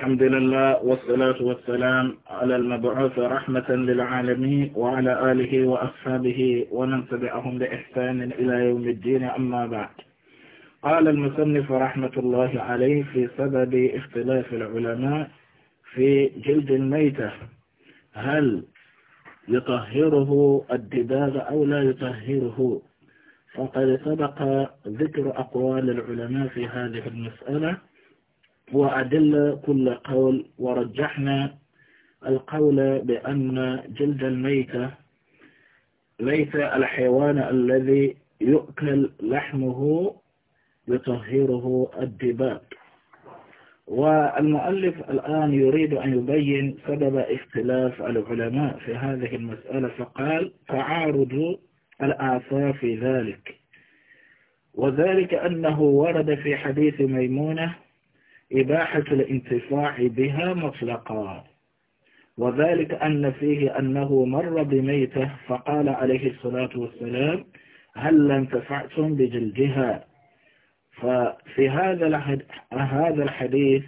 الحمد لله والصلاة والسلام على المبعوث رحمة للعالمين وعلى آله وأصحابه ومن تبعهم بإحسان إلى يوم الدين أما بعد قال المصنف رحمة الله عليه في سبب اختلاف العلماء في جلد الميتة هل يطهره الدباغ أو لا يطهره فقد سبق ذكر أقوال العلماء في هذه المسألة وأدل كل قول ورجحنا القول بأن جلد الميتة ليس الحيوان الذي يؤكل لحمه يطهره الدباب والمؤلف الآن يريد أن يبين سبب اختلاف العلماء في هذه المسألة فقال تعارض الآثار في ذلك وذلك أنه ورد في حديث ميمونة إباحة الانتفاع بها مطلقا وذلك أن فيه أنه مر بميتة فقال عليه الصلاة والسلام هل انتفعتم بجلدها ففي هذا هذا الحديث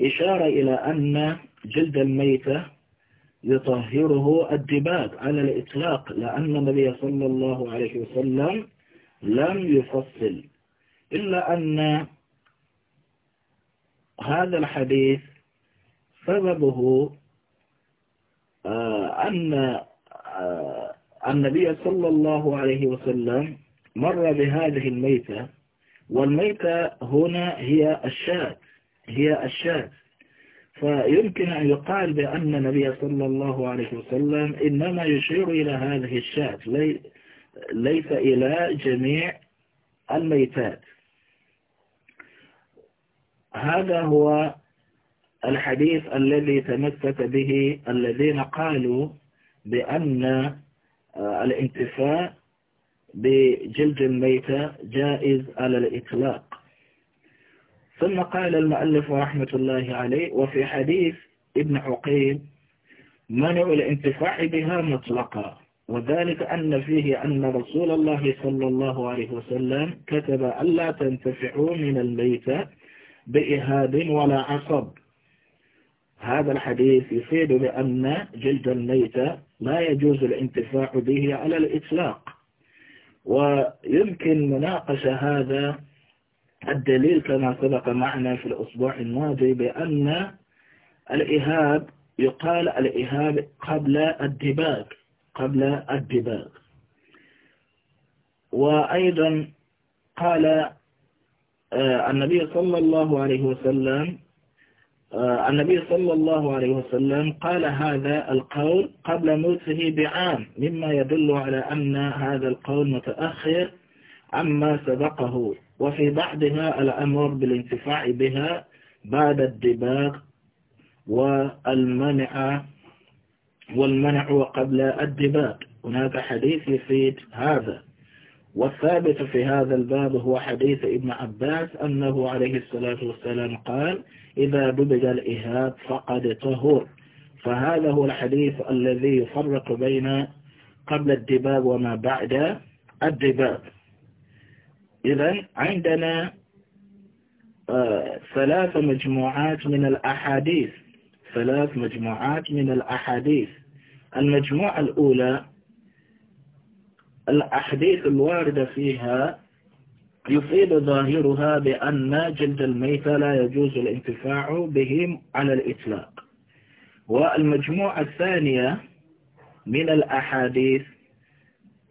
إشارة إلى أن جلد الميتة يطهره الدباب على الإطلاق لأن النبي صلى الله عليه وسلم لم يفصل إلا أن هذا الحديث سببه آه، أن آه، النبي صلى الله عليه وسلم مر بهذه الميتة والميتة هنا هي الشاة هي الشاة فيمكن أن يقال بأن النبي صلى الله عليه وسلم إنما يشير إلى هذه الشاة ليس إلى جميع الميتات هذا هو الحديث الذي تمسك به الذين قالوا بأن آه، الانتفاع بجلد الميتة جائز على الإطلاق ثم قال المؤلف رحمة الله عليه وفي حديث ابن عقيل منع الانتفاع بها مطلقا وذلك أن فيه أن رسول الله صلى الله عليه وسلم كتب ألا تنتفعوا من الميتة بإهاب ولا عصب هذا الحديث يفيد بأن جلد الميت لا يجوز الانتفاع به على الإطلاق ويمكن مناقشة هذا الدليل كما سبق معنا في الأسبوع الماضي بأن الإهاب يقال الإهاب قبل الدباغ قبل الدباغ وأيضا قال آه، النبي صلى الله عليه وسلم آه، النبي صلى الله عليه وسلم قال هذا القول قبل موته بعام مما يدل على أن هذا القول متأخر عما سبقه وفي بعضها الأمر بالانتفاع بها بعد الدباغ والمنع والمنع وقبل الدباغ هناك حديث يفيد هذا والثابت في هذا الباب هو حديث ابن عباس أنه عليه الصلاة والسلام قال إذا دبج الإهاب فقد طهر فهذا هو الحديث الذي يفرق بين قبل الدباب وما بعد الدباب إذا عندنا آه، ثلاث مجموعات من الأحاديث ثلاث مجموعات من الأحاديث المجموعة الأولى الأحاديث الواردة فيها يفيد ظاهرها بأن جلد الميت لا يجوز الانتفاع به على الإطلاق والمجموعة الثانية من الأحاديث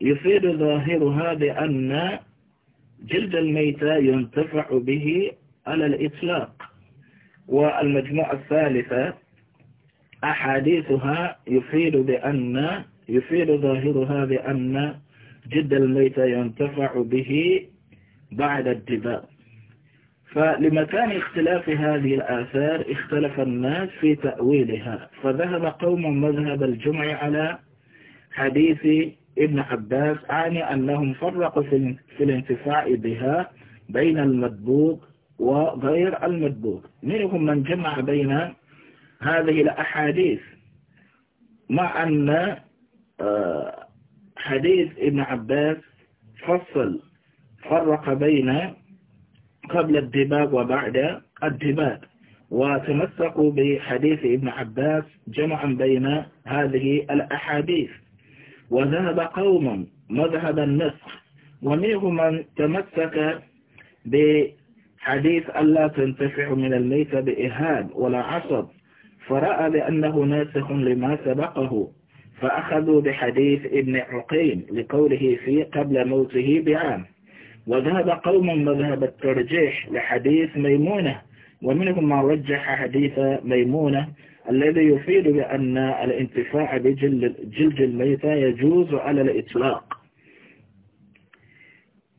يفيد ظاهرها بأن جلد الميت ينتفع به على الإطلاق والمجموعة الثالثة أحاديثها يفيد بأن يفيد ظاهرها بأن جدا الميت ينتفع به بعد الدباء فلمكان اختلاف هذه الآثار اختلف الناس في تأويلها فذهب قوم مذهب الجمع على حديث ابن عباس عن أنهم فرقوا في الانتفاع بها بين المدبوغ وغير المدبوغ منهم من جمع بين هذه الأحاديث مع أن آه، حديث ابن عباس فصل فرق بين قبل الدباب وبعد الدباب وتمسكوا بحديث ابن عباس جمعا بين هذه الأحاديث وذهب قوم مذهب النسخ ومنهم من تمسك بحديث ألا تنتفع من الميت بإهاب ولا عصب فرأى بأنه ناسخ لما سبقه فأخذوا بحديث ابن عقيم لقوله في قبل موته بعام وذهب قوم مذهب الترجيح لحديث ميمونة ومنهم من رجح حديث ميمونة الذي يفيد بأن الانتفاع بجلد الميتة يجوز على الإطلاق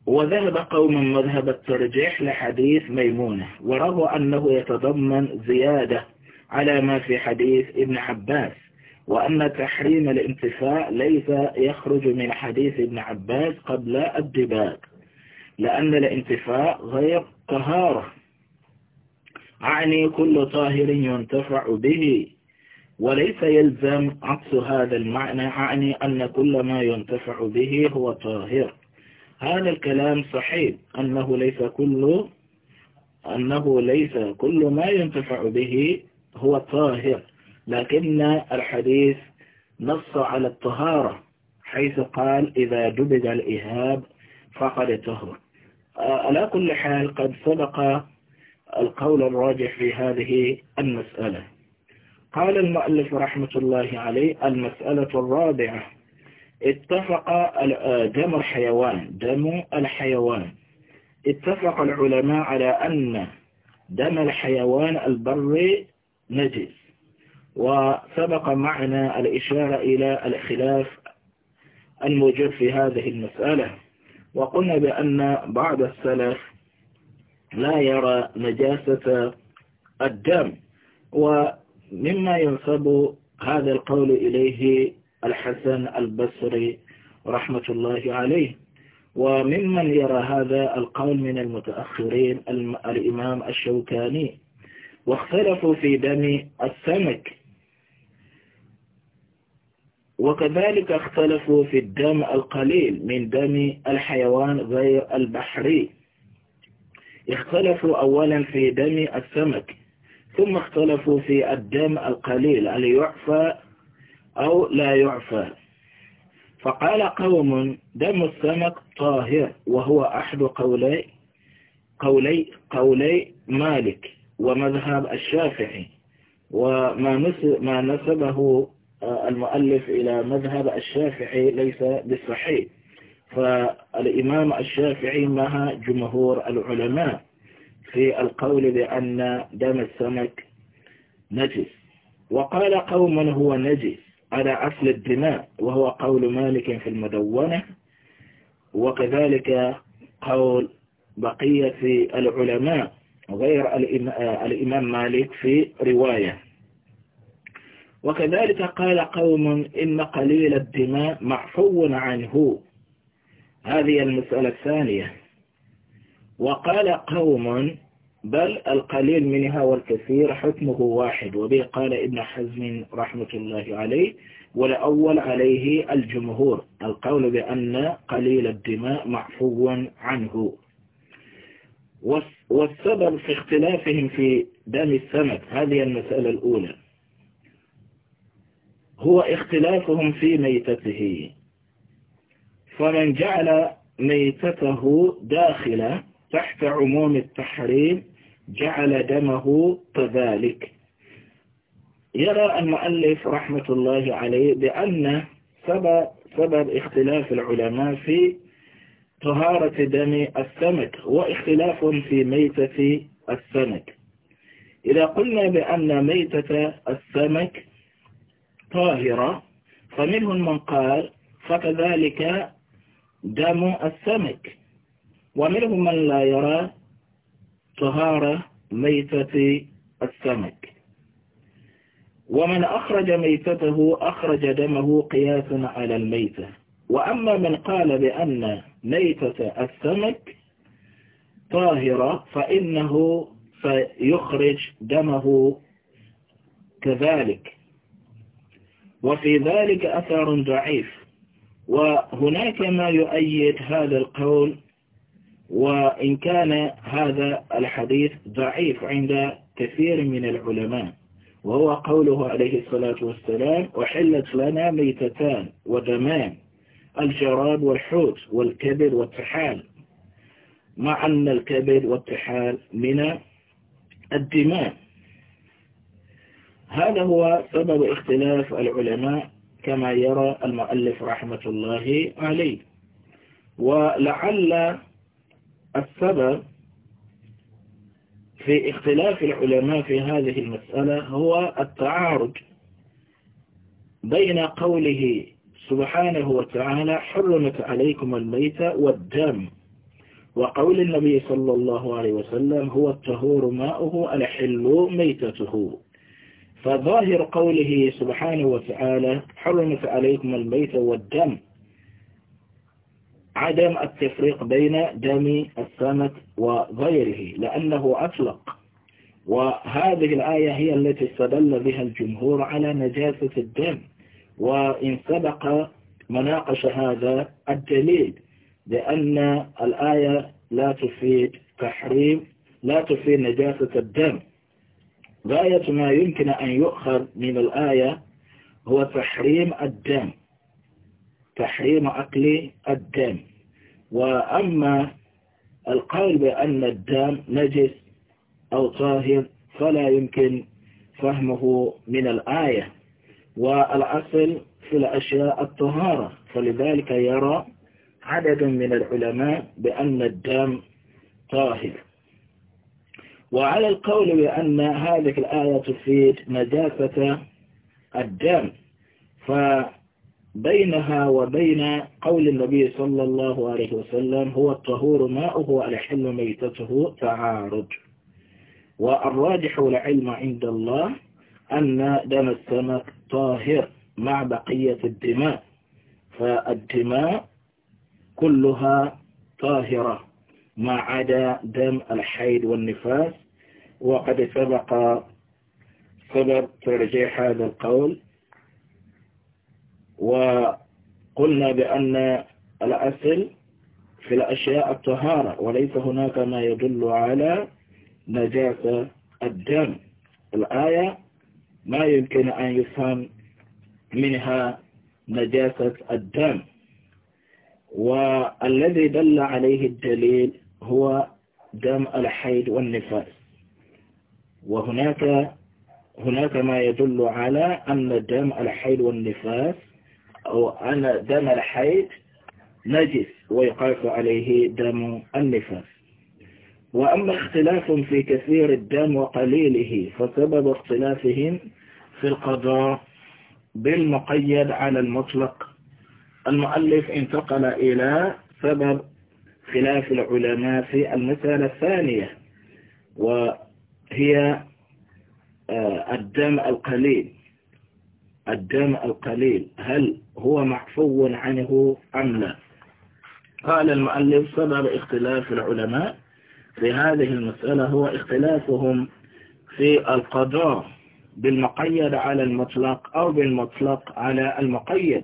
وذهب قوم مذهب الترجيح لحديث ميمونة ورغوا أنه يتضمن زيادة على ما في حديث ابن عباس وأن تحريم الانتفاع ليس يخرج من حديث ابن عباس قبل الدباك لأن الانتفاع غير طهارة أعني كل طاهر ينتفع به وليس يلزم عكس هذا المعنى أعني أن كل ما ينتفع به هو طاهر هذا الكلام صحيح أنه ليس كل أنه ليس كل ما ينتفع به هو طاهر لكن الحديث نص على الطهارة حيث قال إذا جبد الإهاب فقد طهر على كل حال قد سبق القول الراجح في هذه المسألة قال المؤلف رحمة الله عليه المسألة الرابعة اتفق دم الحيوان دم الحيوان اتفق العلماء على أن دم الحيوان البري نجس وسبق معنا الإشارة إلى الخلاف الموجود في هذه المسألة وقلنا بأن بعض السلف لا يرى نجاسة الدم ومما ينسب هذا القول إليه الحسن البصري رحمة الله عليه وممن يرى هذا القول من المتأخرين الإمام الشوكاني واختلفوا في دم السمك وكذلك اختلفوا في الدم القليل من دم الحيوان غير البحري اختلفوا أولا في دم السمك ثم اختلفوا في الدم القليل هل يعفى أو لا يعفى فقال قوم دم السمك طاهر وهو أحد قولي قولي قولي مالك ومذهب الشافعي وما نسبه المؤلف إلى مذهب الشافعي ليس بالصحيح فالإمام الشافعي مع جمهور العلماء في القول بأن دم السمك نجس وقال قوم هو نجس على أصل الدماء وهو قول مالك في المدونة وكذلك قول بقية العلماء غير الإمام مالك في رواية وكذلك قال قوم إن قليل الدماء معفو عنه هذه المسألة الثانية وقال قوم بل القليل منها والكثير حكمه واحد وبه قال ابن حزم رحمة الله عليه والأول عليه الجمهور القول بأن قليل الدماء معفو عنه والسبب في اختلافهم في دم السمك هذه المسألة الأولى هو اختلافهم في ميتته فمن جعل ميتته داخلة تحت عموم التحريم جعل دمه كذلك يرى المؤلف رحمة الله عليه بأن سبب, سبب اختلاف العلماء في طهارة دم السمك واختلاف في ميتة السمك إذا قلنا بأن ميتة السمك طاهرة فمنهم من قال فكذلك دم السمك ومنهم من لا يرى طهارة ميتة السمك ومن أخرج ميتته أخرج دمه قياسا على الميتة وأما من قال بأن ميتة السمك طاهرة فإنه سيخرج دمه كذلك وفي ذلك أثر ضعيف وهناك ما يؤيد هذا القول وإن كان هذا الحديث ضعيف عند كثير من العلماء وهو قوله عليه الصلاة والسلام وحلت لنا ميتتان ودمان الجراد والحوت والكبد والتحال مع أن الكبد والتحال من الدماء هذا هو سبب اختلاف العلماء كما يرى المؤلف رحمة الله عليه ولعل السبب في اختلاف العلماء في هذه المسألة هو التعارض بين قوله سبحانه وتعالى حرمت عليكم الميت والدم وقول النبي صلى الله عليه وسلم هو الطهور ماؤه الحل ميتته فظاهر قوله سبحانه وتعالى حرمت عليكم الميت والدم عدم التفريق بين دم السمك وغيره لأنه أطلق وهذه الآية هي التي استدل بها الجمهور على نجاسة الدم وإن سبق مناقش هذا الدليل لأن الآية لا تفيد تحريم لا تفيد نجاسة الدم غاية ما يمكن أن يؤخذ من الآية هو تحريم الدم تحريم أكل الدم وأما القول بأن الدم نجس أو طاهر فلا يمكن فهمه من الآية والأصل في الأشياء الطهارة فلذلك يرى عدد من العلماء بأن الدم طاهر وعلى القول بأن هذه الآية تفيد نجاسة الدم فبينها وبين قول النبي صلى الله عليه وسلم هو الطهور ماؤه والحل ميتته تعارض والراجح العلم عند الله أن دم السمك طاهر مع بقية الدماء فالدماء كلها طاهرة ما عدا دم الحيض والنفاس وقد سبق سبب ترجيح هذا القول وقلنا بأن الأصل في الأشياء الطهارة وليس هناك ما يدل على نجاسة الدم الآية ما يمكن أن يفهم منها نجاسة الدم والذي دل عليه الدليل هو دم الحيض والنفاس وهناك هناك ما يدل على أن دم الحيض والنفاس أو أن دم الحيض نجس ويقاس عليه دم النفاس وأما اختلاف في كثير الدم وقليله فسبب اختلافهم في القضاء بالمقيد على المطلق المؤلف انتقل إلى سبب خلاف العلماء في المسألة الثانية وهي آه، الدم القليل الدم القليل هل هو معفو عنه أم لا قال المؤلف سبب اختلاف العلماء في هذه المسألة هو اختلافهم في القضاء بالمقيد على المطلق أو بالمطلق على المقيد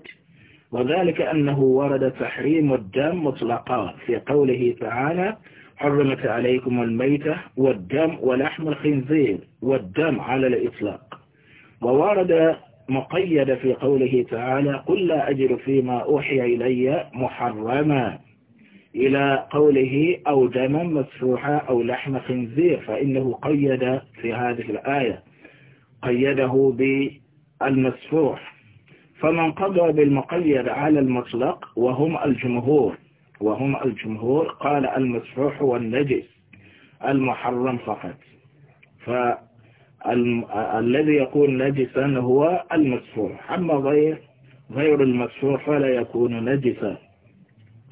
وذلك أنه ورد تحريم الدم مطلقا في قوله تعالى حرمت عليكم الميتة والدم ولحم الخنزير والدم على الإطلاق وورد مقيد في قوله تعالى قل لا أجر فيما أوحي إلي محرما إلى قوله أو دما مسفوحا أو لحم خنزير فإنه قيد في هذه الآية قيده بالمسفوح فمن قضى بالمقيد على المطلق وهم الجمهور وهم الجمهور قال المسفوح والنجس المحرم فقط فالذي يكون نجسا هو المسفوح أما غير غير المسفوح فلا يكون نجسا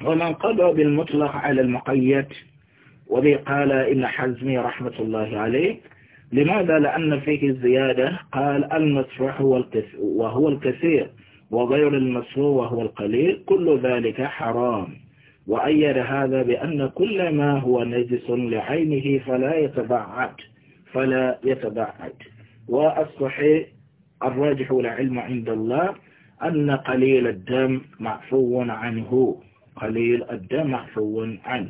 ومن قضى بالمطلق على المقيد وبه قال إن حزمي رحمة الله عليه لماذا لأن فيه الزيادة قال المسفوح وهو الكثير وغير المشروع وهو القليل كل ذلك حرام وأيد هذا بأن كل ما هو نجس لعينه فلا يتبعد فلا يتبعد والصحيح الراجح العلم عند الله أن قليل الدم معفو عنه قليل الدم معفو عنه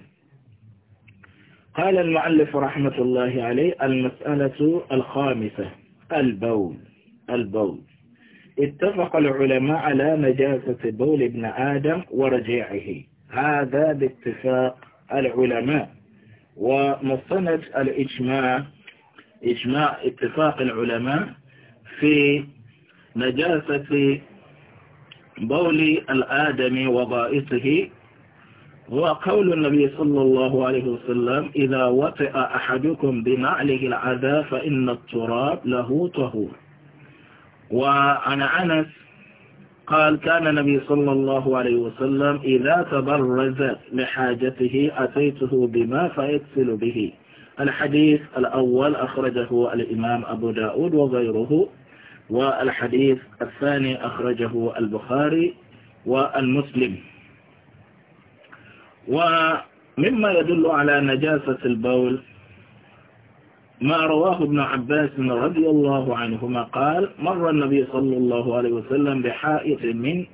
قال المؤلف رحمة الله عليه المسألة الخامسة البول البول اتفق العلماء على نجاسة بول ابن آدم ورجيعه هذا باتفاق العلماء ومصند الإجماع إجماع اتفاق العلماء في نجاسة بول الآدم وضائته هو قول النبي صلى الله عليه وسلم إذا وطئ أحدكم بنعله العذا فإن التراب له طهور وعن أنس قال كان النبي صلى الله عليه وسلم إذا تبرز لحاجته أتيته بما فيكسل به الحديث الأول أخرجه الإمام أبو داود وغيره والحديث الثاني أخرجه البخاري والمسلم ومما يدل على نجاسة البول ما رواه ابن عباس رضي الله عنهما قال مر النبي صلى الله عليه وسلم بحائط من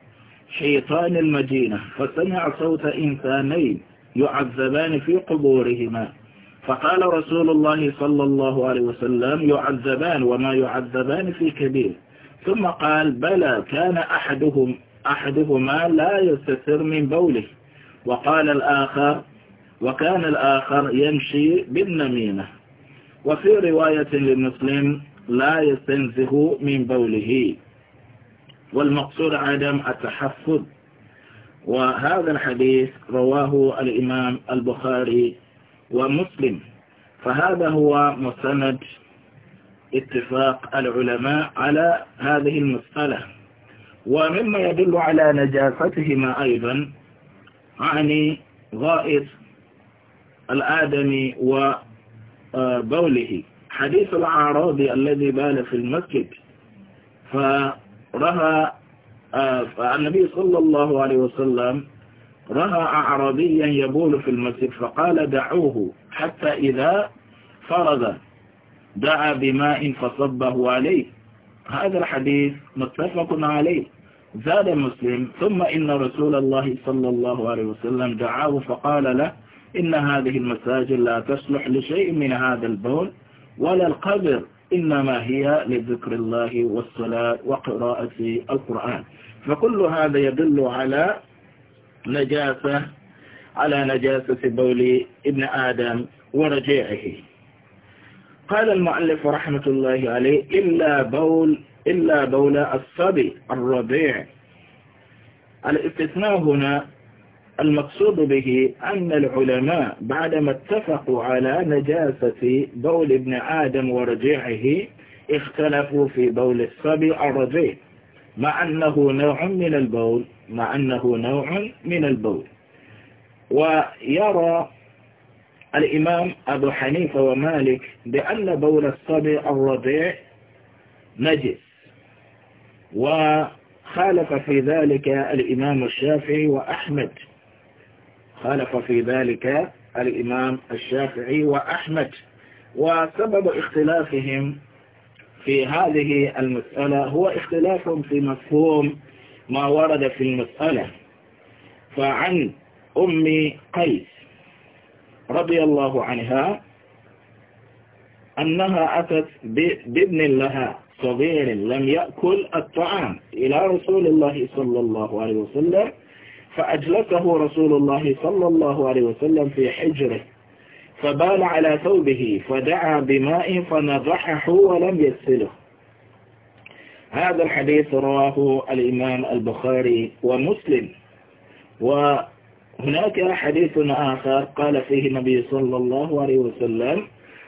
حيطان المدينة فسمع صوت إنسانين يعذبان في قبورهما فقال رسول الله صلى الله عليه وسلم يعذبان وما يعذبان في كبير ثم قال بلى كان أحدهم أحدهما لا يستثر من بوله وقال الآخر وكان الآخر يمشي بالنميمة وفي رواية لمسلم لا يستنزه من بوله والمقصود عدم التحفظ وهذا الحديث رواه الإمام البخاري ومسلم فهذا هو مستند اتفاق العلماء على هذه المسألة ومما يدل على نجاستهما أيضا عن غائط الآدمي والمسلم بوله حديث العراضي الذي بال في المسجد فرها آه، النبي صلى الله عليه وسلم رأى أعرابيا يبول في المسجد فقال دعوه حتى إذا فرغ دعا بماء فصبه عليه هذا الحديث متفق عليه زاد مسلم ثم إن رسول الله صلى الله عليه وسلم دعاه فقال له إن هذه المساجد لا تصلح لشيء من هذا البول ولا القبر إنما هي لذكر الله والصلاة وقراءة القرآن فكل هذا يدل على نجاسة على نجاسة بول ابن آدم ورجيعه قال المؤلف رحمة الله عليه إلا بول إلا بول الصبي الربيع الاستثناء هنا المقصود به أن العلماء بعدما اتفقوا على نجاسة بول ابن آدم ورجعه اختلفوا في بول الصبي الرجيع مع أنه نوع من البول مع أنه نوع من البول ويرى الإمام أبو حنيفة ومالك بأن بول الصبي الرضيع نجس وخالف في ذلك الإمام الشافعي وأحمد خالف في ذلك الإمام الشافعي وأحمد وسبب اختلافهم في هذه المسألة هو اختلاف في مفهوم ما ورد في المسألة فعن أم قيس رضي الله عنها أنها أتت بابن لها صغير لم يأكل الطعام إلى رسول الله صلى الله عليه وسلم فأجلسه رسول الله صلى الله عليه وسلم في حجره فبال على ثوبه فدعا بماء فنضحه ولم يغسله هذا الحديث رواه الإمام البخاري ومسلم وهناك حديث آخر قال فيه النبي صلى الله عليه وسلم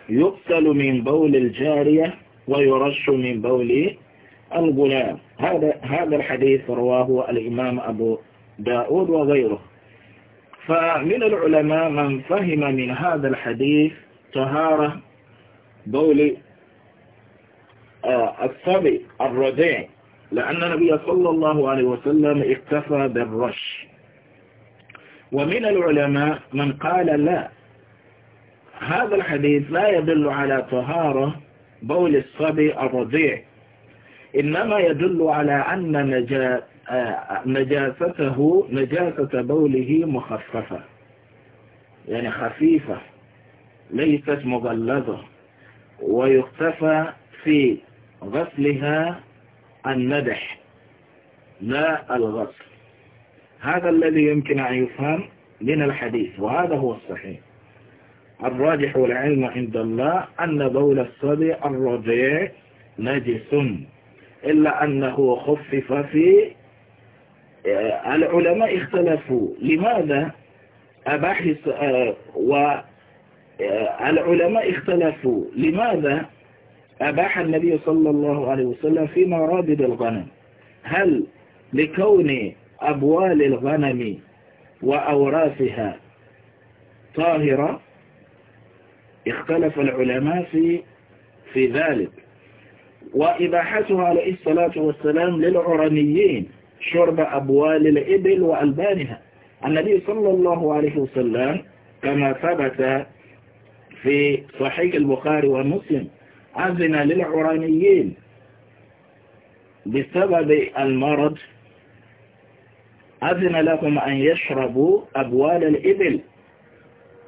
يقتل من بول الجارية ويرش من بول الغلام هذا هذا الحديث رواه الإمام أبو داود وغيره فمن العلماء من فهم من هذا الحديث طهارة بول آه، الصبي الرضيع لأن النبي صلى الله عليه وسلم اكتفى بالرش ومن العلماء من قال لا هذا الحديث لا يدل على طهارة بول الصبي الرضيع إنما يدل على أن نجاة نجاسته نجاسة بوله مخففة يعني خفيفة ليست مغلظة ويختفى في غسلها الندح لا الغسل هذا الذي يمكن أن يفهم من الحديث وهذا هو الصحيح الراجح والعلم عند الله أن بول الصبي الرضيع نجس إلا أنه خفف في آه، العلماء اختلفوا لماذا أباح آه، آه، العلماء اختلفوا لماذا أباح النبي صلى الله عليه وسلم في مرابد الغنم هل لكون أبوال الغنم وأوراثها طاهرة اختلف العلماء في في ذلك وإباحتها عليه الصلاة والسلام للعرنيين شرب أبوال الإبل وألبانها النبي صلى الله عليه وسلم كما ثبت في صحيح البخاري ومسلم أذن للعرانيين بسبب المرض أذن لهم أن يشربوا أبوال الإبل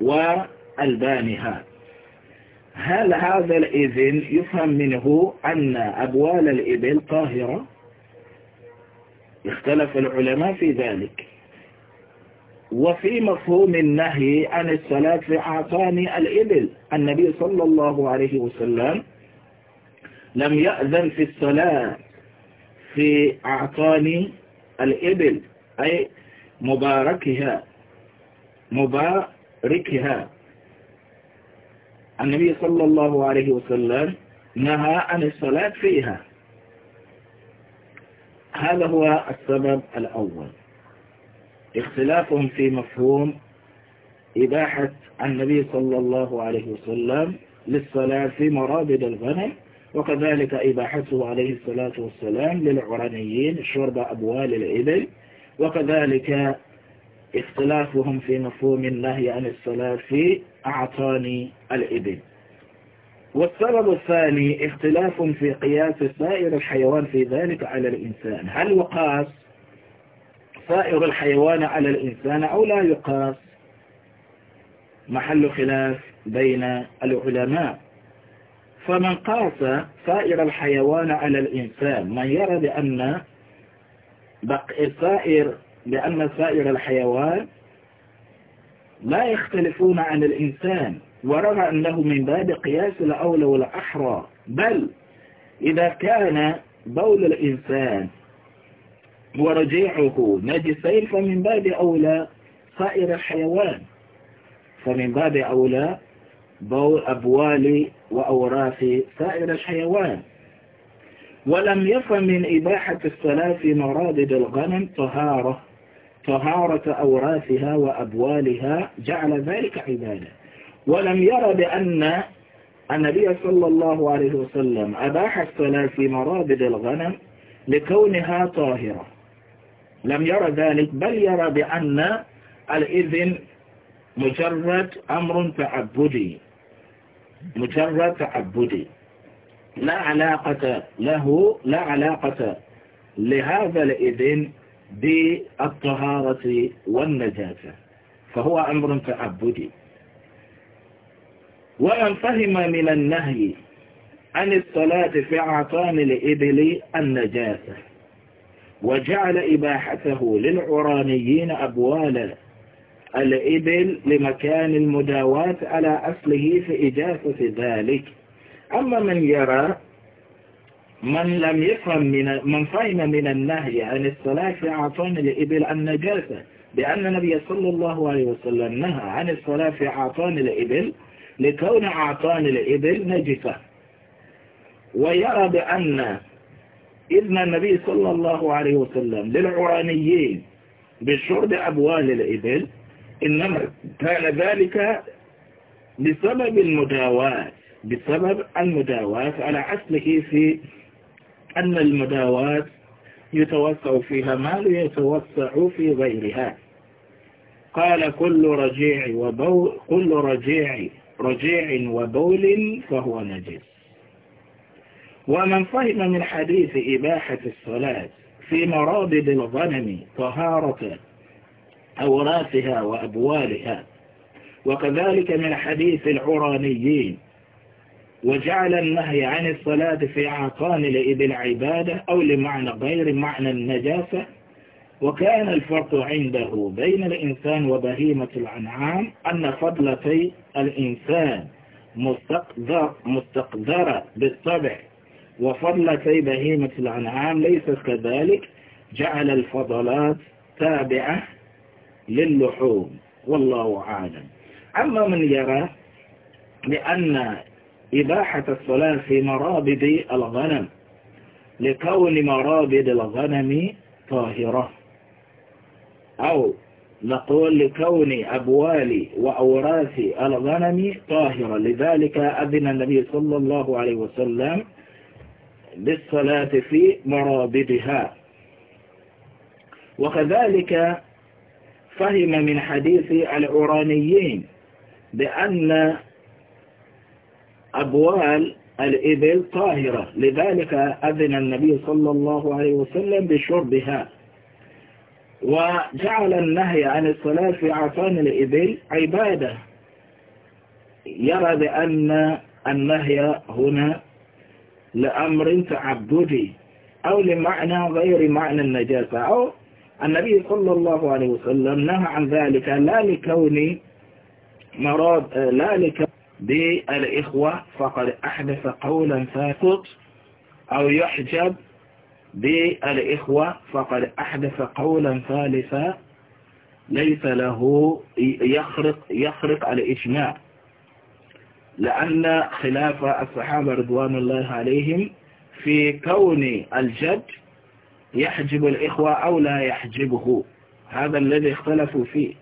وألبانها هل هذا الإذن يفهم منه أن أبوال الإبل طاهرة اختلف العلماء في ذلك وفي مفهوم النهي عن الصلاة في أعطان الإبل النبي صلى الله عليه وسلم لم يأذن في الصلاة في أعطان الإبل أي مباركها مباركها النبي صلى الله عليه وسلم نهى عن الصلاة فيها هذا هو السبب الأول اختلافهم في مفهوم إباحة النبي صلى الله عليه وسلم للصلاة في مرابد الغنم وكذلك إباحته عليه الصلاة والسلام للعرانيين شرب أبوال الإبل وكذلك اختلافهم في مفهوم النهي عن الصلاة في أعطاني الإبل والسبب الثاني اختلاف في قياس سائر الحيوان في ذلك على الإنسان هل يقاس سائر الحيوان على الإنسان أو لا يقاس محل خلاف بين العلماء فمن قاس سائر الحيوان على الإنسان من يرى بأن سائر بأن سائر الحيوان لا يختلفون عن الإنسان ورغى أنه من باب قياس الأولى والأحرى بل إذا كان بول الإنسان ورجيعه نجسين فمن باب أولى سائر الحيوان فمن باب أولى بول أبوال وأوراث سائر الحيوان ولم يفهم من إباحة الصلاة في مرادد الغنم طهارة طهارة أوراثها وأبوالها جعل ذلك عبادة ولم ير بأن النبي صلى الله عليه وسلم أباح الصلاة في مرابد الغنم لكونها طاهرة لم يرى ذلك بل يرى بأن الإذن مجرد أمر تعبدي مجرد تعبدي لا علاقة له لا علاقة لهذا الإذن بالطهارة والنجاة فهو أمر تعبدي ومن فهم من النهي عن الصلاة في عطان الإبل النجاسة وجعل إباحته للعرانيين أبوالا الإبل لمكان المداواة على أصله في إجازة ذلك أما من يرى من لم يفهم من من فهم من النهي عن الصلاة في عطان الإبل النجاسة بأن النبي صلى الله عليه وسلم نهى عن الصلاة في عطان الإبل لكون أعطان الإبل نجفة ويرى بأن إذن النبي صلى الله عليه وسلم للعرانيين بشرب أبوال الإبل إنما كان ذلك بسبب المداواة بسبب المداواة على أصله في أن المداواة يتوسع فيها مال يتوسع في غيرها قال كل رجيع وبو كل رجيع رجيع وبول فهو نجس ومن فهم من حديث إباحة الصلاة في مرابد الغنم طهارة أوراثها وأبوالها وكذلك من حديث العرانيين وجعل النهي عن الصلاة في عقان لإذ العبادة أو لمعنى غير معنى النجاسة وكان الفرق عنده بين الإنسان وبهيمة الأنعام أن فضلتي الإنسان مستقدر مستقدرة بالطبع وفضلتي بهيمة الأنعام ليست كذلك جعل الفضلات تابعة للحوم والله أعلم أما من يرى بأن إباحة الصلاة في مرابد الغنم لكون مرابد الغنم طاهرة أو نقول لكون أبوالي وأوراثي الغنم طاهرة لذلك أذن النبي صلى الله عليه وسلم بالصلاة في مرابضها وكذلك فهم من حديث العرانيين بأن أبوال الإبل طاهرة لذلك أذن النبي صلى الله عليه وسلم بشربها وجعل النهي عن الصلاة في عطان الإبل عبادة يرى بأن النهي هنا لأمر تعبدي أو لمعنى غير معنى النجاسة أو النبي صلى الله عليه وسلم نهى عن ذلك لا لكون مراد لا لكون بالإخوة فقد أحدث قولا فاسق أو يحجب بالإخوة فقد أحدث قولا ثالثا ليس له يخرق, يخرق الإجماع لأن خلاف الصحابة رضوان الله عليهم في كون الجد يحجب الإخوة أو لا يحجبه هذا الذي اختلفوا فيه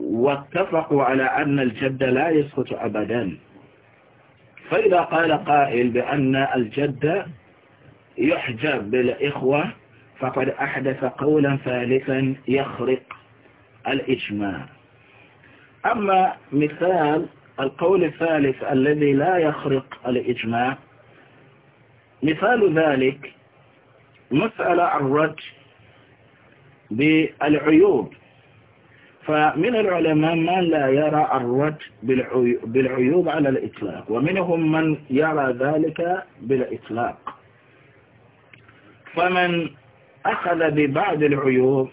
واتفقوا على أن الجد لا يسقط أبدا فإذا قال قائل بأن الجد يحجب بالإخوة فقد أحدث قولا ثالثا يخرق الإجماع أما مثال القول الثالث الذي لا يخرق الإجماع مثال ذلك مسألة الرج بالعيوب فمن العلماء من لا يرى الرج بالعيوب على الإطلاق ومنهم من يرى ذلك بالإطلاق فمن أخذ ببعض العيوب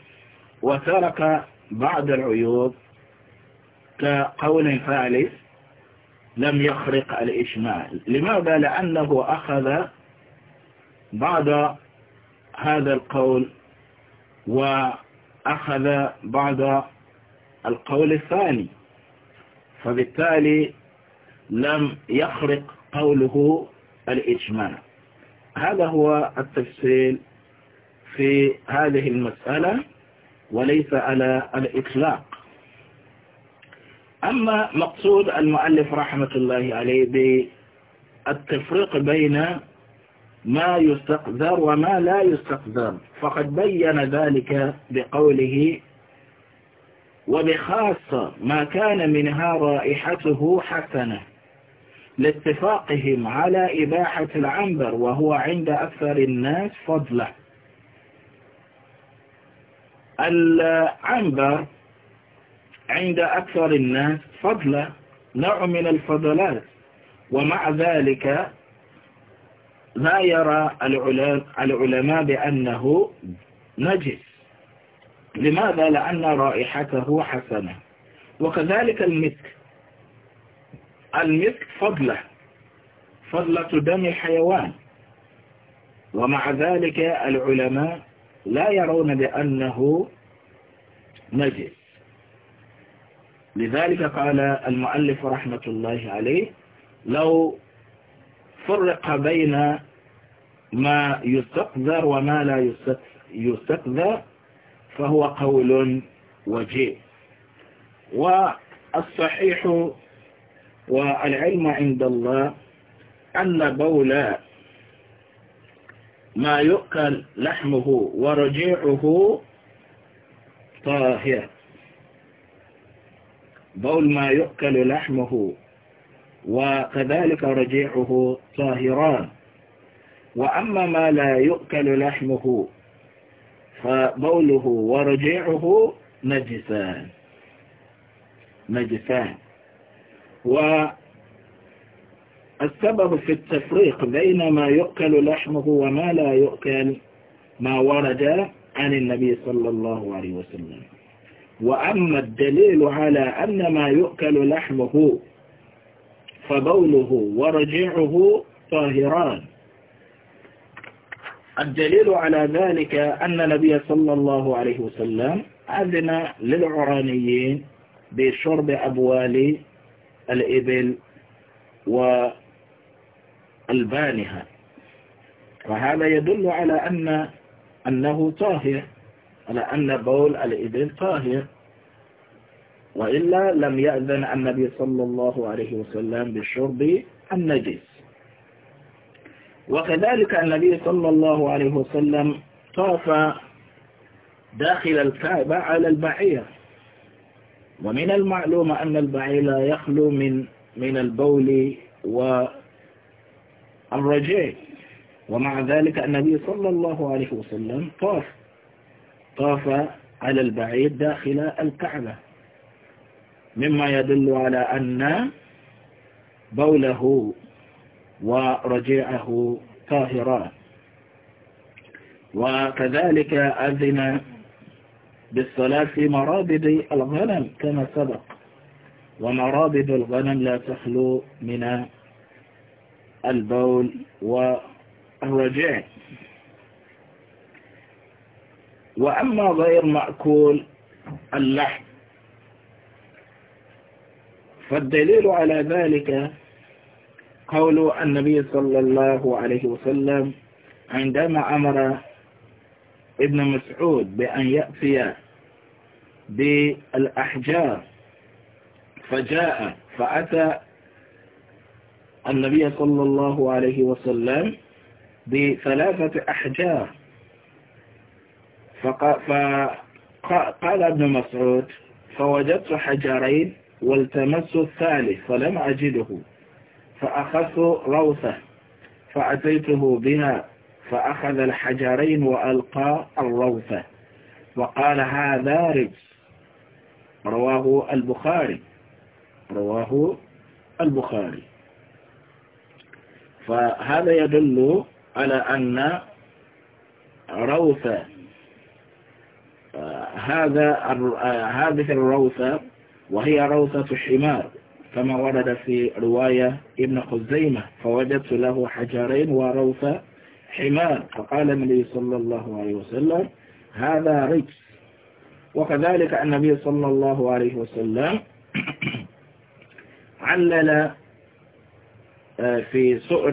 وترك بعض العيوب كقول ثالث لم يخرق الإجمال لماذا؟ لأنه أخذ بعض هذا القول وأخذ بعض القول الثاني فبالتالي لم يخرق قوله الإجمال هذا هو التفصيل في هذه المسألة وليس على الإطلاق أما مقصود المؤلف رحمة الله عليه بالتفريق بين ما يستقذر وما لا يستقذر فقد بين ذلك بقوله وبخاصة ما كان منها رائحته حسنة لاتفاقهم على إباحة العنبر وهو عند أكثر الناس فضله العنبر عند أكثر الناس فضلا نوع من الفضلات ومع ذلك لا يرى العلماء بأنه نجس لماذا؟ لأن رائحته حسنة وكذلك المسك المسك فضلة فضلة دم الحيوان ومع ذلك العلماء لا يرون بأنه نجس لذلك قال المؤلف رحمة الله عليه لو فرق بين ما يستقذر وما لا يستقذر فهو قول وجيه والصحيح والعلم عند الله أن بولا ما يؤكل لحمه ورجيعه طاهر بول ما يؤكل لحمه وكذلك رجيعه طاهران وأما ما لا يؤكل لحمه فبوله ورجيعه نجسان نجسان والسبب في التفريق بين ما يؤكل لحمه وما لا يؤكل ما ورد عن النبي صلى الله عليه وسلم وأما الدليل على أن ما يؤكل لحمه فبوله ورجعه طاهران الدليل على ذلك أن النبي صلى الله عليه وسلم أذن للعرانيين بشرب أبوال الإبل وألبانها وهذا يدل على أن أنه طاهر على أن بول الإبل طاهر وإلا لم يأذن النبي صلى الله عليه وسلم بشرب النجس وكذلك النبي صلى الله عليه وسلم طاف داخل الكعبة على البعير ومن المعلوم أن البعير لا يخلو من من البول والرجاء ومع ذلك النبي صلى الله عليه وسلم طاف طاف على البعير داخل الكعبة مما يدل على أن بوله ورجعه طاهران وكذلك أذن بالصلاة في الغنم كما سبق ومرابض الغنم لا تخلو من البول والرجع وأما غير مأكول اللحم فالدليل على ذلك قول النبي صلى الله عليه وسلم عندما أمر ابن مسعود بأن يأتي بالأحجار فجاء فأتى النبي صلى الله عليه وسلم بثلاثة أحجار فقال ابن مسعود فوجدت حجرين والتمس الثالث فلم أجده فأخذت روثة فأتيته بها فأخذ الحجرين وألقى الروثة وقال هذا رجس رواه البخاري رواه البخاري فهذا يدل على أن روث هذا هذه الروثة وهي روثة الشمار كما ورد في رواية ابن خزيمة فوجدت له حجرين وروثة حمار فقال النبي صلى الله عليه وسلم هذا رجس وكذلك النبي صلى الله عليه وسلم علل آه، في سؤر